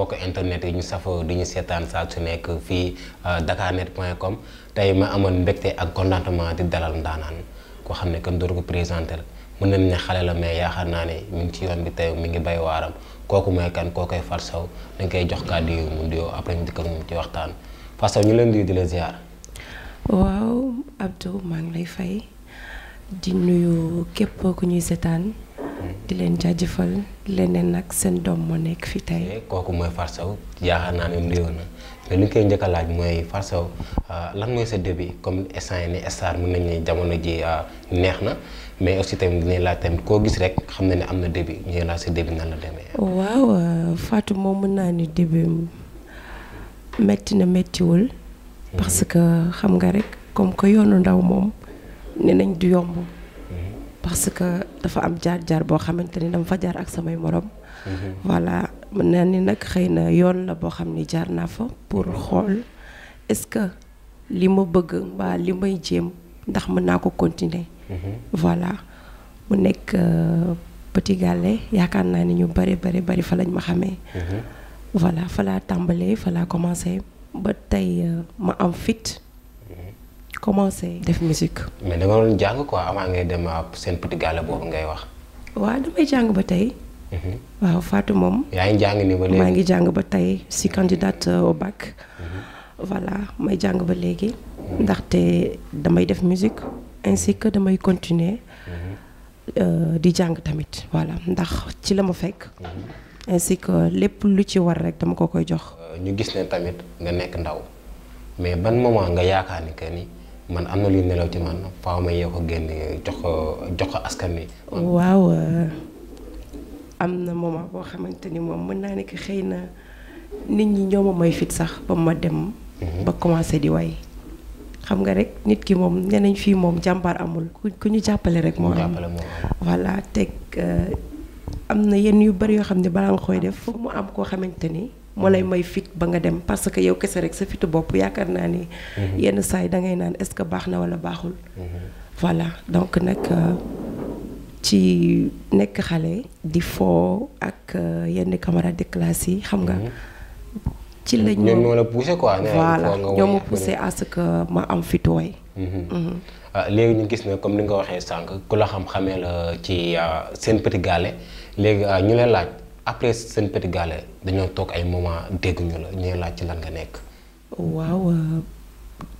mbokk internet yi ñu safoo di ñu seetaan saa su nekk fii euh, dakarnet point com tey ma amoon mbégte ak contentement di dalal ndaanaan koo xam ne kenn dootu ko présenté la na nañ ne xale la mais yaakaar naa ne mi ngi ci yoon bi tey mi ngi bay waaram kooku mooy kan koo koy Fat Sow dañ koy jox kàddu yu mu nuyoo après ñu dikkal moom ci waxtaan Fat Sow ñu leen di di la ziar. waaw Abdou maa ngi lay fay di nuyu képp ku ñuy seetaan. di leen jaajëfal leneen nag seen doom moo nekk fi tey. Eh, kooku mooy Far Sow yaakaar naa ne nuyoo na mais li ñu koy njëkk a laaj mooy Far Sow euh, lan mooy sa début comme instant yii nii star mën jamono ji euh, neex na mais aussi tamit dinañ laaj tamit koo gis rek xam na ne am na début ñu laaj sa début nan la demee. waaw euh, Fatou moom mën naa ni début métti na méttiwul. Mhm. parce que xam nga rek comme que yoonu ndaw moom ne nañ du yomb. parce que dafa am jaar-jaar boo xamante ni dama fa jaar ak samay moroom mhm. voilà mën naa ni nag xëy na yoon la boo xam ne jaar naa fa pour xool est-ce que li ma bëgg mbaa li may jéem ndax mën naa ko continuer. Mhm. voilà mu nekk euh, Petit Gallé yaakaar naa ni ñu bari bari bari fa lañ ma xamee. Mhm. voilà fa laa tàmbalee fa laa commencé ba tey euh, ma am fit. commencé def musique. mais da nga doon jàng ko am ngay dem ah, seen petit gàlle boobu ngay wax. waaw damay jàng ba tey. Mhm. waaw Fatou moom. yaa ngi ni ba maa ngi jàng ba tey si mhm. candidate euh, au bac. Mhm. voilà jàng ba léegi. ndaxte damay def musique ainsi que damay continuer euh, di jàng tamit voilà ndax ci la ma fekk. ainsi que lépp lu ci war rek dama ko koy jox. Euh, ñu gis ne tamit nga nekk ndaw mais ban moment nga yaakaar ni que ni. man am na luy nelaw ci man faaw ma yee ko génn jox ko jox ko askan wi. waaw euh, am na moment boo xamante ni moom mën naa ne xëy na nit ñi ñoo ma may fit sax ba ma dem. Mhm. ba commencé di way. xam nga rek nit ki moom nee nañ fii moom jàmbaar amul ku ñu jàppale rek. moo am voilà teg euh, am na yenn yu bari yoo xam ne balaa nga koy def foog mu am koo xamante ni. moo lay may fit ba nga dem parce que yow kese rek sa fitu bopp yaakaar naa ni. Mhm. yenn saa yi da ngay naan est que baax na walla baaxul. Mhm. voilà donc nag euh, ci nekk xale di foo ak euh, yenn camarades de classe yi xam nga. Mhm. ci lañ ñoom ñoo la poussé quoi. voilà ñoo ma poussé à que ma am fit way ah, léegi ñu gis na comme ni nga ko waxee sànq ku la xam-xamee la ci ah, seen petit gàllé léegi ah, ñu leen laaj. après seen petit gàllé dañoo toog ay moment dégguñu la ñu laaj ci lan nga nekk. waaw euh,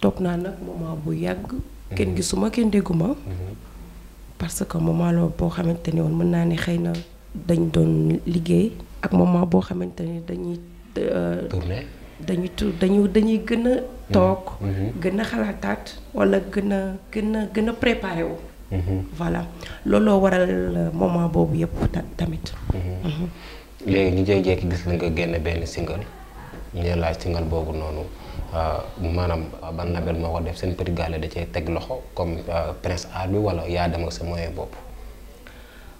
toog naa nag moment bu yàgg. kenn mhm. gisuma kenn dégguma mhm. parce que moment la boo xamante ne woon mën naa ne xëy na dañ doon liggéey ak moment boo xamante ne dañuy. Euh, tourné dañuy tu dañu dañuy gën a. Mhm. toog gën a xalaataat wala gën a gën a gën a préparé wu. Mhm. voilà looloo waral euh, moment boobu yëpp tamit. Mhm. Mhm. léegi ñu jékki-jékki gis la nga génn benn single ñu ne single boobu noonu euh, maanaam euh, ban label moo ko def seen petit gàlle da cee teg loxo comme prince art bi wala yaa dem ak sa moyen bopp.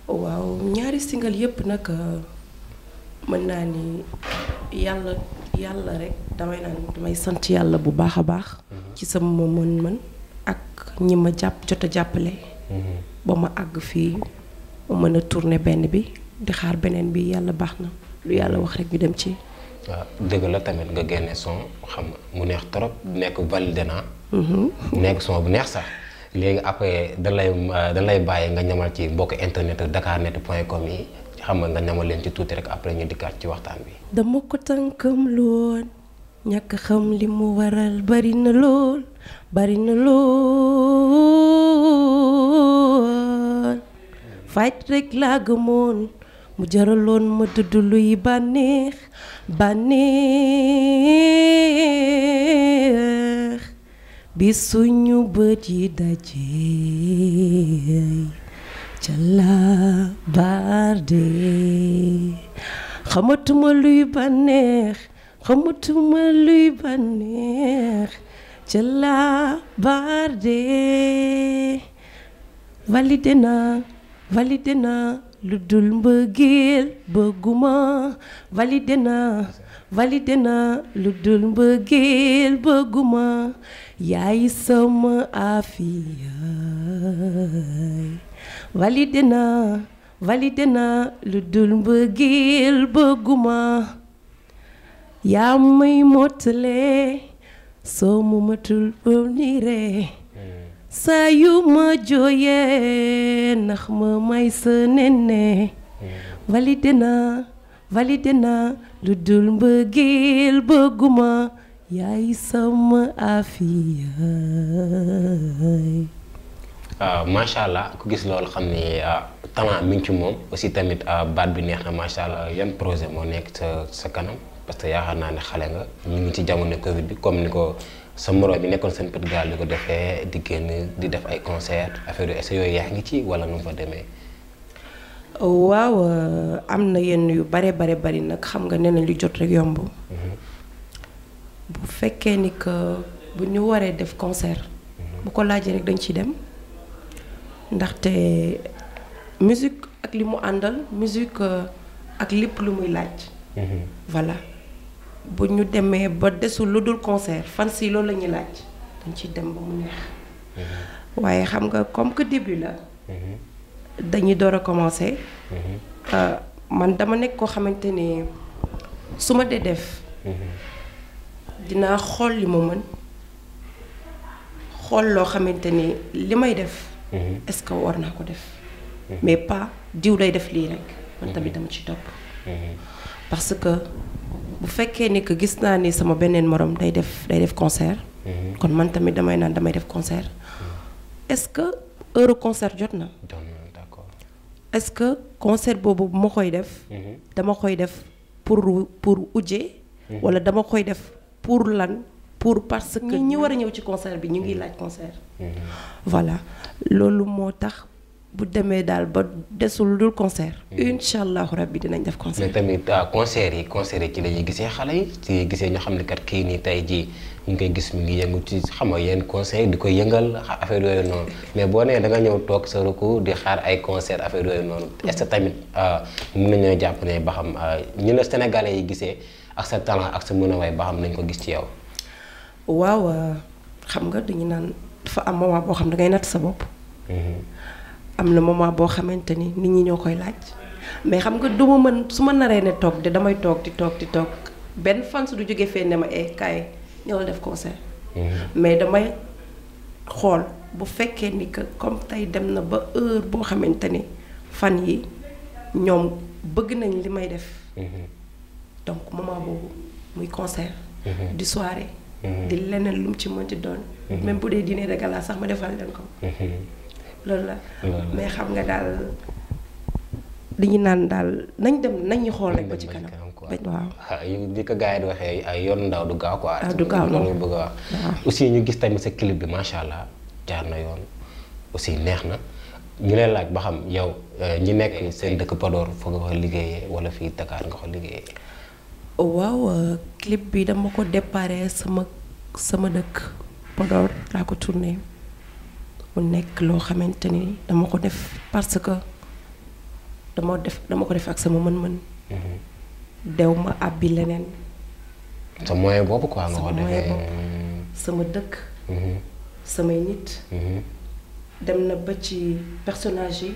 waaw ñaari single yëpp nag mën naa ni yàlla yàlla rek damay naan damay sant yàlla bu baax a baax. ci sama mën-mën ak ñi ma jàpp jot a jàppale. ba ma àgg fii ma mën a tourner benn bi di xaar beneen bi yàlla baax na lu yàlla wax rek ñu dem ci. waaw dëgg la tamit nga génne son xam mu neex trop nekk validé naa. Mhm. nekk son bu neex sax. léegi après da lay da lay bàyyi nga ñamal ci mbokk internet net point com yi xam nga ñamal leen ci tuuti rek après ñu di dikkaat ci waxtaan bi. dama ko tànkam lool ñàkk xam li mu waral bari na lool bari na lool. faj rek laa gëmoon mu jaraloon ma dudd luy bànneex bànneex bi suñu bët yi dajee ca laa barde xamatuma luy bànneex xamatuma luy bànneex ca laa barde valide naa validé na lu dul mbëggeel bëgguma validé na validé na lu dul mbëggeel bëgguma yaay sama afiyaay validé na validé na lu dul mbëggeel bëgguma yaa may mottale soo mu matul ba niree saa yu ma jooyee ndax ma may sa nenne valide na valide na lu dul mbëggeel bëgguma yaay sama afiyaay ah, macha allah ku gis loolu xam ni ah, talent mi ngi ci moom aussi tamit ah, baat bi neex na macha allah yan projet moo nekk sa sa kanam parce que yaakaar naa ne xale nga mu ngi ci jamono Covid bi comme ni ko sa moroom yi nekkoon seen pët gaal di ko defee di génn di def ay concert affaire yu est yooyu yaa ngi ci wala nu mu fa demee. waaw euh, am na yenn yu bare bare bari nag xam nga nee na lu jot rek yomb. Mhm. bu fekkee ni que bu ñu waree def concert. Mhm. bu ko laajee rek dañ ciy dem ndaxte musique ak li mu àndal musique euh, ak lépp lu muy laaj. Mhm. voilà. bu ñu demee ba desul lu dul concert fan si loolu la ñuy laaj dañ ciy dem ba mu neex. Mhm. waaye xam nga comme que début la. Mhm. dañuy door a commencer. Mhm. Euh, man dama nekk koo xamante ne su ma dee def. dinaa xool li ma mën xool loo xamante ni li may def. est-ce que war naa ko def. mais pas diw lay def lii rek. man tamit dama ci topp. parce que. bu fekkee ni que gis naa ni sama beneen moroom day def day def concert. Mhm. kon man tamit damay naan damay def concert. Mhm. est-ce que heure concert jot na. d'accord est-ce que concert boobu bu ma koy def. Mhm. dama koy def pour pour uje wala dama koy def pour lan. pour parce que ñi war a ñëw ci concert bi ñu ngi laaj concert. voilà loolu moo tax. bu demee daal ba desul dul concert. Mm-hmm. incha allahu rabbi dinañ def concert. mais tamit ah, concert yi concert yi ci la ñuy gisee xale yi ci gisee ñoo xam ne kat kii nii tey jii ñu ngi koy gis mu ngi yëngu ci xam nga di koy yëngal affaire yooyu noonu mais boo nee da ñëw toog sa ruku di xaar ay concert affaire yooyu noonu. est-ce ah, mun tamit mën nañoo jàpp ne ba xam ah, ñu ne Sénégalais yi gisee ak sa talent ak sa mën a way ba xam nañ ko gis ci yow. waaw xam nga dañu naan dafa am moment boo xam da ngay natt sa bopp. Mm-hmm. am na moment boo xamante ni nit ñi ñoo koy laaj mais xam nga duma mën su ma naree ne toog de damay toog di toog di toog benn fan su du jógee fee ne ma e kaay ñëw def concert mm-hmm. mais damay xool bu fekkee ni que comme tey dem na ba heure boo xamante ni fan yi ñoom bëgg nañ li may def mm-hmm. donc moment boobu muy concert mm-hmm. di soirée di leneen lu mu ci mënti doon même bu dee dîner de gala sax ma defal leen ko loolu la mais xam nga daal li ñu naan daal nañ dem nañu xool nañ ba ci kanam. waaw ah, di ko gars yi di waxee ay yoon ndaw du gaaw quoi. Ah, du gaaw loolu bëgg a wax. aussi ñu gis tamit sa clip bi macha allah jaar na yoon aussi neex na ñu leen laaj ba xam yow euh, ñi nekk seen dëkk Podor fa nga ko liggéeyee wala fii Dakar ko liggéeyee. waaw euh, clip bi dama ko déparé sama sama dëkk Podor laa ko turne mu nekk loo xamante ni dama ko def parce que dama def dama ko def ak sama mën-mën. Mm-hmm. dew ma àbbi leneen. sa moyen boobu quoi nga ko defee sama dëkk. Mm-hmm. samay nit. Mm-hmm. dem na ba ci personnage yi.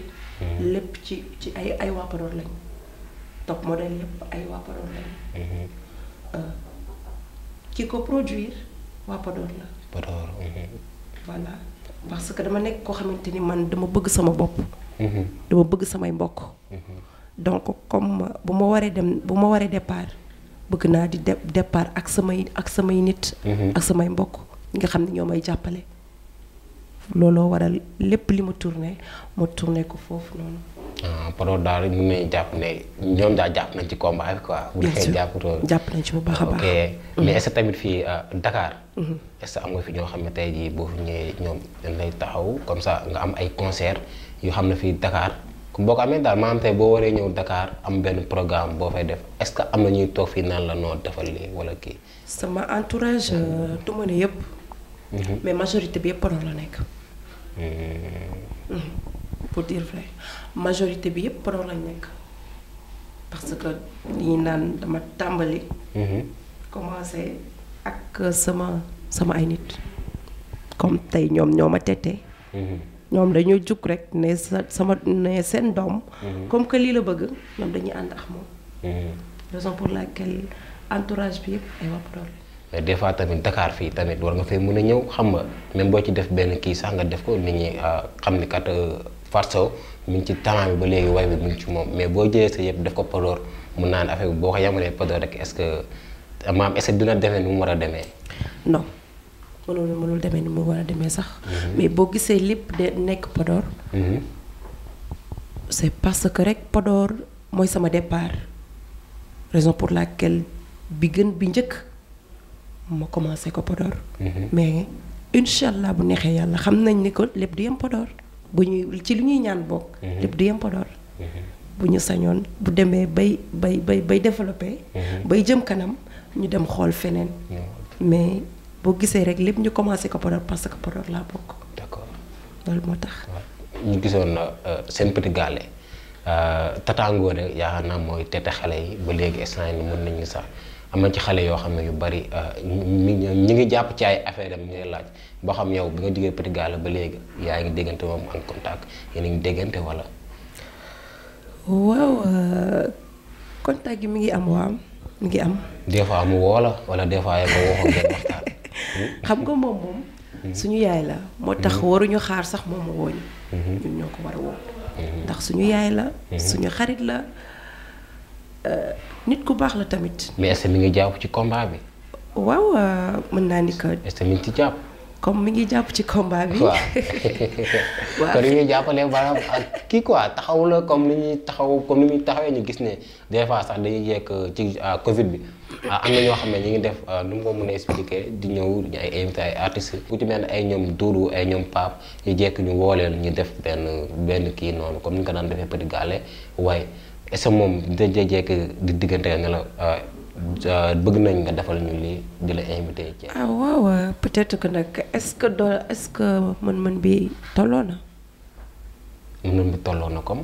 lépp ci ci ay ay waa Podor lañ top modèle yépp ay waa Podor lañ. Euh, ki ko produire waa Podor la. Podor. voilà. parce que dama nekk koo xamante ni man dama bëgg sama bopp. Mhm. dama bëgg samay mbokk. Mhm. donc comme bu ma waree dem bu ma waree départ bëgg naa di de départ ak samay ak samay nit. Mhm. ak samay mbokk ñi nga xam ne ñoo may jàppale. looloo waral lépp li ma tourné ma tourné ko foofu noonu. ah daal mën nañu jàpp ne ñoom daal jàpp nañ ci combat bi quoi. bu ñu jàpp nañ ci bu baax a baax. ok mhm. mais est tamit fii euh, dakaar mhm. est ce am nga fi ñoo xam ne tey jii boo fi ñëwee ñoom dañ lay taxaw comme ça nga am ay concert yoo xam ne fii Dakar boo ko amee daal maanaam tey boo waree ñëw Dakar am benn programme boo fay def est ce que am na ñuy toog fii naan la noo defal lii wala kii. sama entourage euh, du ma ne yëpp. Mhm. mais majorité bi yëpp Podor la nekk. Mhm. Mhm. pour dire vrai majorité bi yëpp Podor lañ nekk parce que li naan dama tàmbali. commencé ak sama sama ay nit comme tey ñoom ñoo ma tette. ñoom dañoo jug rek ne sa sama ne seen doom. comme que lii la bëgg ñoom dañuy ànd ak moom. raison pour laquelle entourage bi yëpp ay waa Podor lañ. mais euh, des fois tamit Dakar fii tamit war nga fay mën a ñëw xam nga même boo ci def benn kii sax nga def ko nit ñi euh, xam ni kat euh, Fatou mu ngi ci talent bi ba léegi way bi mu ngi ci moom mais boo jëlee sa yëpp def ko Podor mun naa ne affaire boo ko yemalee Podor rek est-ce que maam est-ce demee ni mu war a demee. non mënul mënul demee ni mu war a demee sax. Mhm. boo gisee lépp de nekk Podor. Mhm. c'est parce que rek Podor mooy sama départ raison pour la laquelle bi gën bi njëkk. ma commencé ko Podor. Mhm. mais incha allah bu neexee yàlla xam nañ ni ko lépp du yem Podor bu ñuy ci li ñuy ñaan bokk. Mhm. lépp du yem Podor. Mhm. bu ñu sañoon bu demee bay bay bay bay développé. bay jëm kanam ñu dem xool feneen. mais boo gisee rek lépp ñu commencé ko Podor parce que Podor laa bokk. d'accord loolu moo tax. ñu gisoon euh, seen petit gàllé euh, tataangoo rek yaakaar naa mooy tete xale yi ba léegi instant yii mën nañu sax. am na ci xale yoo xam ne yu bari euh, ñu ngi jàpp ci ay affaire am ñu laaj boo xam yow bi nga jógee Petit Gallé ba léegi yaa ngi déggante moom en contact yéen a déggante wala. waaw euh, contact yi mi ngi am waaw mi ngi am. des fois mu woola la wala des fois woo ko ngeen waxtaan. Hmm? xam nga moom moom. Hmm. suñu yaay la. Hmm. moo tax waruñu xaar sax moom woo ñu. ñoo ko war a woo. ndax suñu yaay la. suñu xarit la. Euh, nit ku baax la tamit. mais est mi ngi jàpp ci combat bi. waaw euh, mën naa ni que. est-ce que jàpp. comme mi ngi jàpp ci combat bi. waaw kon ñu ngi jàppale maanaam ak kii quoi taxaw la comme ni ñuy taxaw comme ni muy taxawee ñu gis ne des fois sax dañuy yekk ci Covid bi ah, am na ñoo xam ne ñu ngi def euh, nu mu ko mun a expliquer di ñëw ñu ay invité ay artistes. ay ñoom Doudou ay ñoom Pape ñu jekk ñu woo leen ñu def benn benn kii noonu comme ni nga ko daan defee Petit gaale waaye. est moom dina jékki-jékki di diggante nelaw la euh, euh, bëgg nañ nga defal ñu lii di la invité. ah waaw waaw euh, peut-être que nag est-ce que doo est-ce que mën-mën bi tolloo na. mën na comme.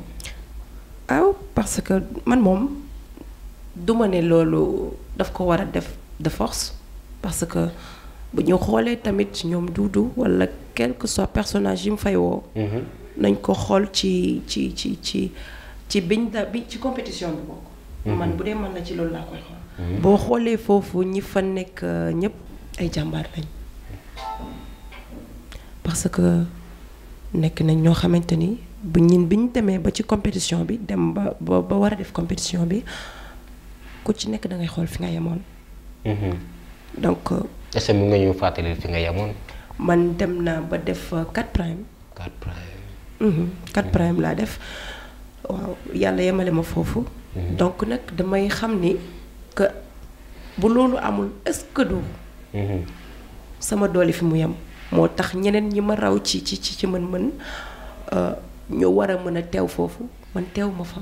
waaw ah, parce que man moom du ma ne loolu daf ko war a def de force parce que bu ñu xoolee tamit ñoom Doudou walla quelque que soit personnage yi mu fay woo. Mhm. nañ ko xool ci ci ci ci. ci biñ da bi ci compétition bi bokk. Mm-hmm. man bu dee mën na ci loolu laa koy xool. Mm-hmm. boo xoolee foofu ñi fa nekk euh, ñëpp ay jàmbaar lañ parce que nekk nañ ñoo xamante ni bu ñin bi ñu demee ba ci compétition bi dem ba ba war a def compétition bi ku ci nekk da ngay xool fi nga yemoon. Mm-hmm. donc. Euh, est-ce mu nga ñu fàttali fi nga yemoon. man dem naa ba def 4 euh, prime. 4 prime. 4 prime laa def. waaw yàlla yemale ma foofu. Mhm. donc nag damay xam ni que bu loolu amul est-ce mhm. sama doole fi mu yem. moo tax ñeneen ñi ma raw ci ci ci mën-mën euh, ñu war a mën a teew foofu man teew ma fa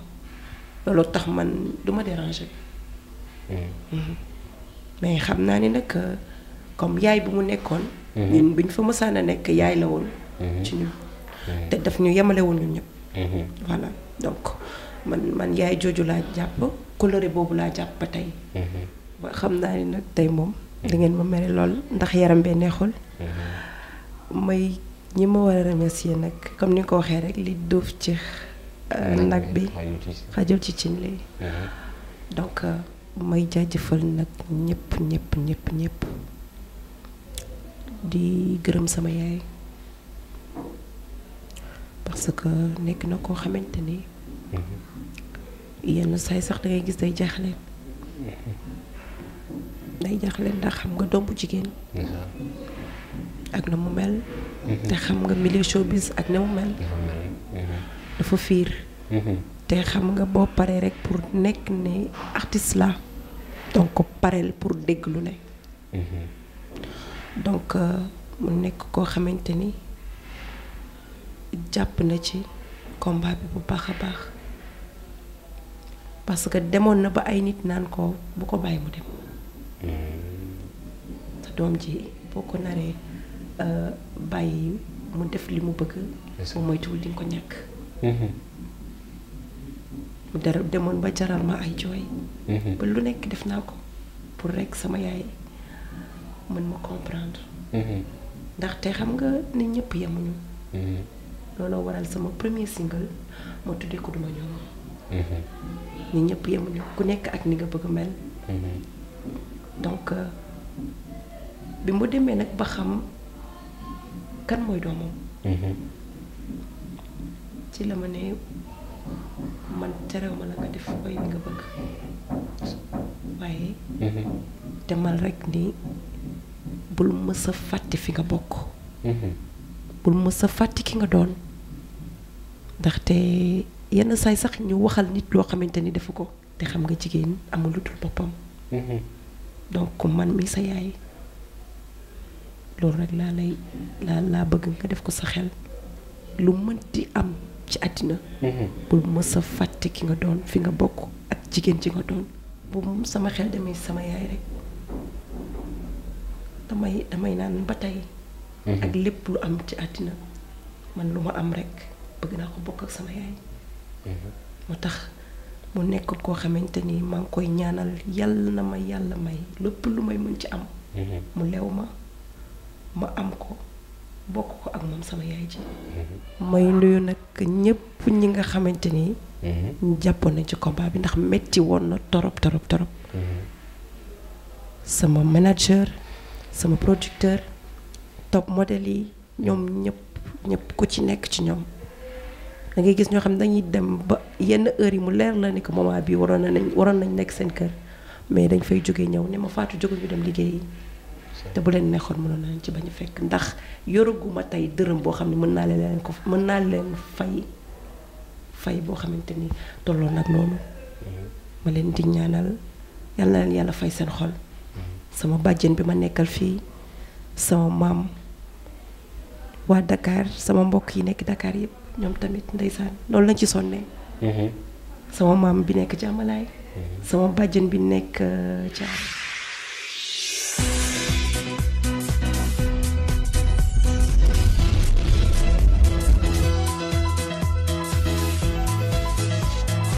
loolu tax man du ma déranger. Mhm. mais xam naa ni nag euh, comme yaay bu mu nekkoon. ñun bu ñu fa mësaan a nekk yaay la woon. ci ñun te daf ñu yemalewul ñun ñëpp. Mm-hmm. voilà donc man man yaay jooju laa jàpp coloré boobu laa jàpp ba tey mm-hmm. xam naa ni nag tey moom mm-hmm. da ngeen ma mere lool ndax yaram bee neexul may ñi ma war a remercier nag comme ni ko waxee rek li duuf ci euh, nag bi xajul ci cin li donc euh, may jaajëfal nag ñëpp ñëpp ñëpp ñëpp di gërëm sama yaay parce que nekk na koo xamante ni mhm. yenn saay sax da gis day jaaxle mhm. day jaaxle ndax xam nga doom bu jigéen ak na mu mel mhm. te xam nga milieu showbiz ak na mu mel dafa fiir te xam nga boo paree rek pour nekk ne artiste la donc pareel pour dégg lu ne donc euh, mu nekk koo xamante ni jàpp na ci combat bi bu baax a baax parce que demoon na ba ay nit naan koo bu ko bàyyi mu dem sa doom ji boo ko naree euh, bàyyi mu def li mu bëgg soo moytuwul di ko ñàkk mm-hmm. mu dara demoon ba jaral ma ay jooy mm-hmm. ba lu nekk def naa ko pour rekk sama yaay mën ma comprendre mm-hmm. ndaxte xam nga nit ñëpp yemuñu looloo waral sama premier single ma tuddee ko duma ñoom mhm. ñi ñëpp yemuñu ku nekk ak ni nga bëgg a mel mhm. donc euh, bi mu demee nag ba xam kan mooy doomam mhm. ci la ma ne man terew ma la nga def koy li nga bëgg waaye demal rek ni bul mës fàtte fi nga bokk bul mës fàtte ki nga doon ndaxte yenn saay sax ñu waxal nit loo xamante ni defu ko te xam nga jigéen amul lu dul boppam. Mhm. donc man mii sa yaay loolu rek laa lay laa laa bëgg nga def ko sa xel lu mënti am ci àddina. Mhm. bul mës a fàtte ki nga doon fi nga bokk ak jigéen ci nga doon. bu sama xel demee sama yaay rek damay damay naan ba tey. Mhm. ak lépp lu am ci àddina man lu ma am rekk bëgg naa ko bokk ak sama yaay mhm. moo tax mu nekk koo xamante ni maa ngi koy ñaanal yàlla na ma yàlla may lépp lu may mën ci am mhm. mu lew ma ma am ko bokk ko ak moom sama yaay ji mhm. may nuyu nag ñépp ñi nga xamante ni jàppoon nañ ci combat bi ndax metti woon na torop torop torop sama manager sama producteur top modèle yi ñoom ñëpp ñëpp ku ci nekk ci ñoom da ngay gis ñoo xam ne dañuy dem ba yenn heure yi mu leer la ni que moment bi waroon nañ waroon nañ nekk seen kër mais dañ fay jóge ñëw ne ma faatu jóge ñu dem liggéey te bu leen neexoon mënoon nañ ci bañ fekk ndax yoruguma tey dërëm boo xam ne mën naa leen ko mën naa leen fay fay boo xamante ni tolloo nag noonu mm-hmm. ma leen di ñaanal yal na leen yàlla fay seen xol mm-hmm. sama bàjjen bi ma nekkal fii sama maam waa dakaar sama mbokk yi nekk dakaar yëpp ñoom tamit ndeysaan loolu lañ ci sonnee. Mhm. sama maam bi nekk ci amalaay mhm. sama bàjjen bi nekk ci euh,